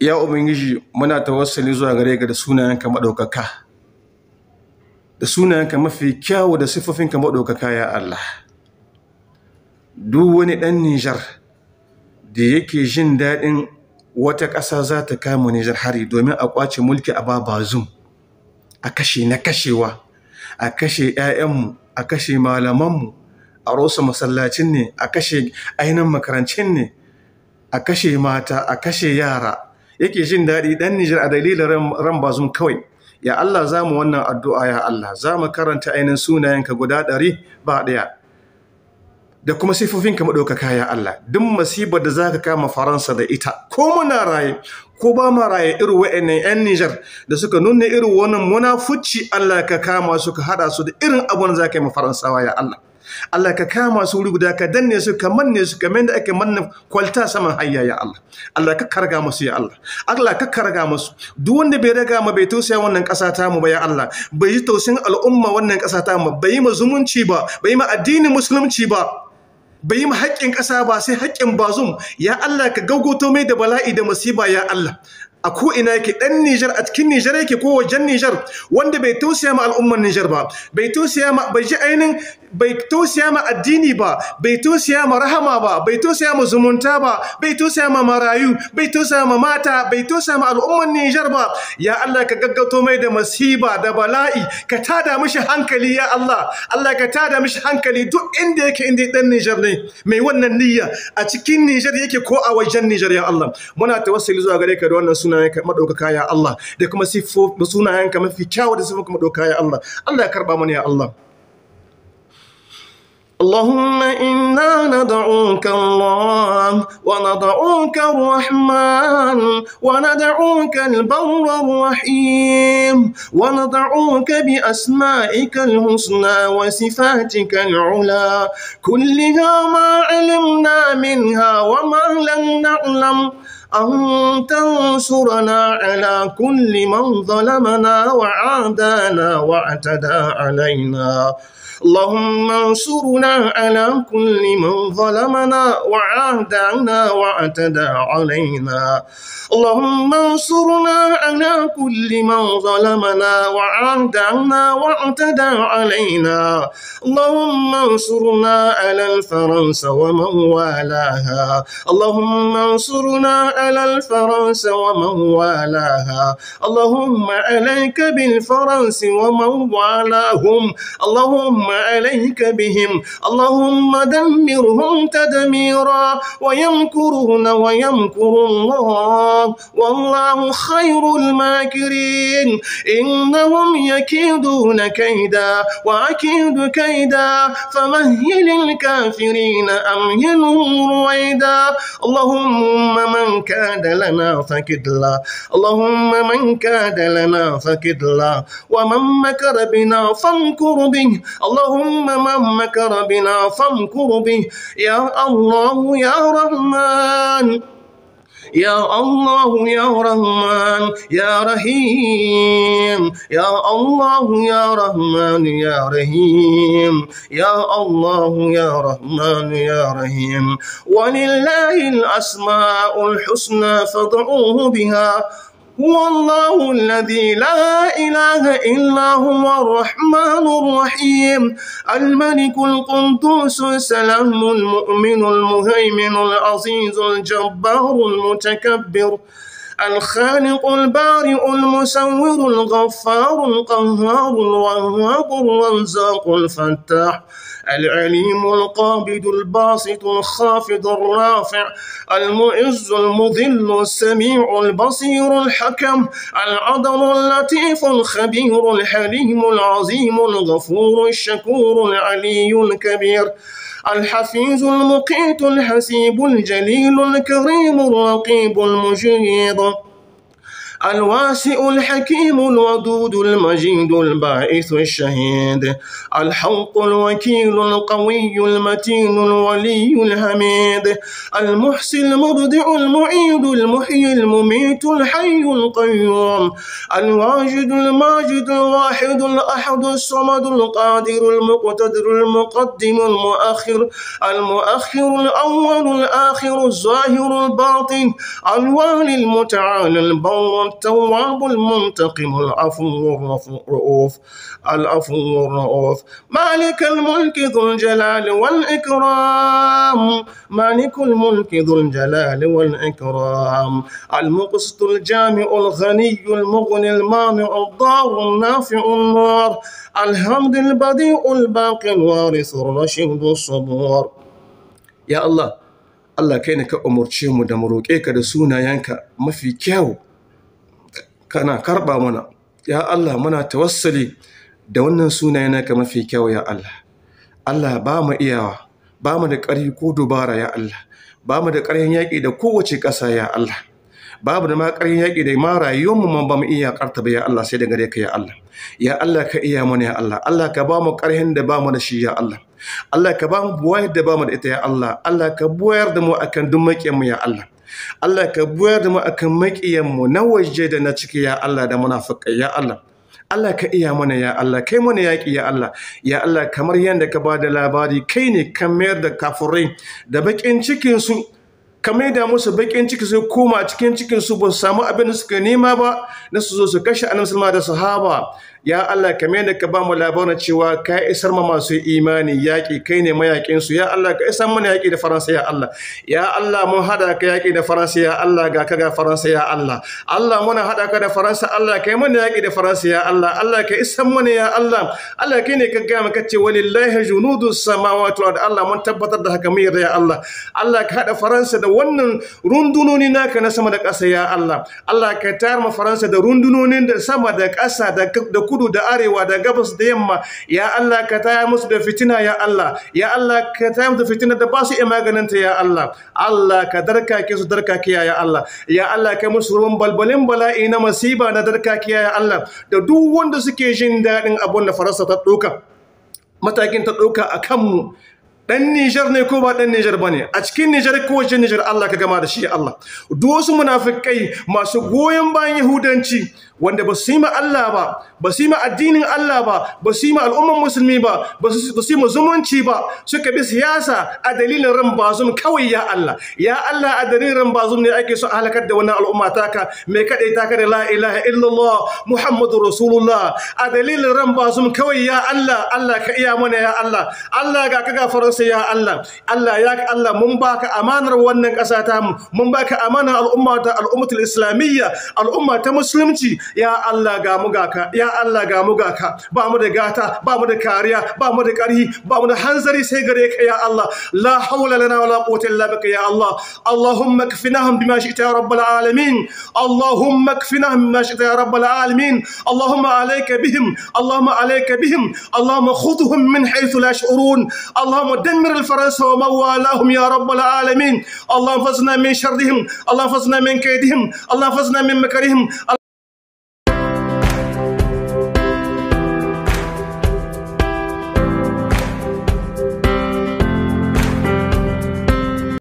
ya ubangiji muna tawassali zuwa gare ka da sunayenka maɗaukaka da sunayenka mafi kyawu da siffofinka maɗaukaka ya Allah duk wani ɗan Nijar da yake jin daɗin wata ƙasa za ta kama Nijar hari domin a kwace mulki a zum, a kashe na kashewa a kashe 'ya'yanmu a kashe malamanmu a rosa masallacin ne a kashe ainihin makarancin ne a kashe mata a kashe yara yake jin daɗi ɗan Nijar a dalilin ran bazum kawai. Ya Allah za mu wannan addu'a ya Allah, za mu karanta ainihin sunayenka guda ɗari ba ɗaya. Da kuma ka maɗaukaka ya Allah, duk masibar da za ka kama Faransa da ita, ko muna raye, ko ba ma raye irin wa'annan 'yan Nijar da suka nuna irin wannan munafuci Allah ka kama su ka haɗa su da irin abun da za ka yi ma Faransawa ya Allah. Allah ka kama su wuri guda ka danne su ka manne su kamar da ake manna kwalta saman hayya ya Allah Allah ka karga musu ya Allah Allah ka karga musu duk wanda bai raga ma bai tausaya wannan ƙasa ta mu ba ya Allah bai yi tausayin al'umma wannan ƙasa ta mu bai yi ma zumunci ba bai yi ma addinin musulunci ba bai yi ma haƙƙin ƙasa ba sai haƙƙin bazum ya Allah ka gaugoto mai da bala'i da masiba ya Allah a ko ina yake ɗan Nijar a cikin Nijar yake ko wajen Nijar wanda bai tausaya ma al'ummar Nijar ba bai tausaya ma bai ji ainin bai tausaya ma addini ba bai tausaya ma rahama ba bai tausaya ma zumunta ba bai tausaya ma marayu bai tausaya ma mata bai tausaya ma al'ummar Nijar ba ya Allah ka gaggauto mai da masiba da bala'i ka tada mishi hankali ya Allah Allah ka tada mishi hankali duk inda yake inda dan Niger ne mai wannan niyya a cikin Nijar yake ko a wajen Nijar ya Allah muna tawassuli zuwa gare ka da wannan suna sunayenka madaukaka ya Allah da kuma siffofin sunayenka mafi kyawu da siffofin madaukaka ya Allah Allah ya karba mana ya Allah اللهم إنا ندعوك الله وندعوك الرحمن وندعوك البر الرحيم وندعوك بأسمائك الحسنى وصفاتك العلى كلها ما علمنا منها وما لم نعلم أن تنصرنا على كل من ظلمنا وعادانا واعتدى علينا اللهم انصرنا على كل من ظلمنا وعادانا واعتدى علينا اللهم انصرنا على كل من ظلمنا وعادانا واعتدى علينا اللهم انصرنا على الفرنسا ومن والاها اللهم انصرنا على الفرنس ومن والاها اللهم عليك بالفرنس ومن والاهم اللهم عليك بهم اللهم دمرهم تدميرا ويمكرون ويمكر الله والله خير الماكرين إنهم يكيدون كيدا وأكيد كيدا فمهل الكافرين أمهلهم رويدا اللهم من كاد لنا فكدلا اللهم من كاد لنا فكدلا ومن مكر بنا فانكر به اللهم من مكر بنا فانكر به يا الله يا رحمن يا الله يا رحمن يا رحيم يا الله يا رحمن يا رحيم يا الله يا رحمن يا رحيم ولله الأسماء الحسنى فادعوه بها هو الله الذي لا إله إلا هو الرحمن الرحيم الملك القدوس السلام المؤمن المهيمن العزيز الجبار المتكبر الخالق البارئ المسور الغفار القهار الوهاب الرزاق الفتاح العليم القابض الباسط الخافض الرافع المعز المذل السميع البصير الحكم العدل اللطيف الخبير الحليم العظيم الغفور الشكور العلي الكبير الحفيظ المقيت الحسيب الجليل الكريم الرقيب المجيد الواسع الحكيم الودود المجيد الباعث الشهيد الحق الوكيل القوي المتين الولي الحميد المحسن المبدع المعيد المحيي المميت الحي القيوم الواجد الماجد الواحد الأحد الصمد القادر المقتدر المقدم المؤخر المؤخر الأول الآخر الظاهر الباطن الوالي المتعال البر التواب المنتقم العفو الرؤوف العفو الرؤوف مالك الملك ذو الجلال والإكرام مالك الملك ذو الجلال والإكرام المقسط الجامع الغني المغني المانع الضار النافع النار الحمد البديع الباقي الوارث الرشيد الصبور يا الله الله كينك أمور ka umarce mu da mu roƙe ka da sunayenka kana karɓa mana ya Allah muna tawassali da wannan sunaye naka mafi kyau ya Allah Allah ba mu iyawa ba mu da ƙarfi ko dubara ya Allah ba mu da ƙarfin yaƙi da kowace ƙasa ya Allah Ba mu da ma ƙarin yaƙi da ma mu ma ba mu iya ƙarta ba ya Allah sai da gare ka ya Allah ya Allah ka iya mana ya Allah Allah ka ba mu ƙarhin da ba mu da shi ya Allah Allah ka ba mu buwayar da ba mu da ita ya Allah Allah ka buwayar da mu akan duk mu ya Allah Allah ka buyar da mu akan maƙiyanmu na waje da na ciki ya Allah da munafiƙai ya Allah Allah ka iya mana ya Allah kai mana yaƙi ya Allah ya Allah kamar yadda ka ba da labari kai ne ka mayar da kafurai da baƙin cikinsu ka maida musu baƙin ciki sai koma cikin cikinsu ba su samu abin da suka nema ba na su zo su kashe annabi da sahaba ya Allah ka mai ka ba mu labarin cewa ka isar ma masu imani yaƙi kai ne mayaƙin su ya Allah ka isar mana yaƙi da Faransa ya Allah ya Allah mun hada ka yaƙi da Faransa ya Allah ga ka ga Faransa ya Allah Allah muna hada ka da Faransa Allah kai mana yaƙi da Faransa ya Allah Allah ka isar mana ya Allah Allah kai ne ka ga mu kace walillahi junudus samawati wal Allah mun tabbatar da haka mu ya Allah Allah ka hada Faransa da wannan rundunoni naka na sama da ƙasa ya Allah Allah ka tayar ma Faransa da rundunonin da sama da ƙasa da kudu kudu da arewa da gabas da yamma ya Allah ka taya musu da fitina ya Allah ya Allah ka taya musu da fitina da ba su iya maganinta ya Allah Allah ka darkake su darkake ya Allah ya Allah ka musu ruwan balbalin bala'i na masiba na darkake ya Allah da duk wanda suke jin daɗin abun da farasa ta ɗauka matakin ta ɗauka a kanmu Ɗan Nijar ne ko ba ɗan Nijar bane a cikin Nijar ko wajen Nijar Allah ka gama da shi Allah duk wasu munafikai masu goyon bayan Yahudanci wanda ba su yi ma Allah ba ba su yi ma addinin Allah ba ba su yi ma al'umman musulmi ba ba su yi ma zumunci ba suka bi siyasa a dalilin ran bazum kawai ya Allah ya Allah a dalilin ran bazum ne ake so a halakar da wannan al'umma taka mai kadai taka da la ilaha illallah muhammadur rasulullah a dalilin ran bazum kawai ya Allah Allah ka iya mana ya Allah Allah ga ka gafarar sai ya Allah Allah ya Allah mun baka amanar wannan ƙasa ta mu mun baka amana al'umma ta al'ummatul islamiyya al'umma ta musulunci ya Allah ga mu gaka ya Allah ga mu gaka ba mu da gata ba mu da kariya ba mu da ƙarhi ba mu da hanzari sai gare ka ya Allah la haula lana wala quwwata illa bika ya Allah اللهم اكفناهم بما شئت يا رب العالمين اللهم اكفناهم بما شئت يا رب العالمين اللهم عليك بهم اللهم عليك بهم اللهم خذهم من حيث لا يشعرون اللهم يا رب العالمين اللهم فزنا من شرهم اللهم فزنا من كيدهم اللهم فزنا من مكرهم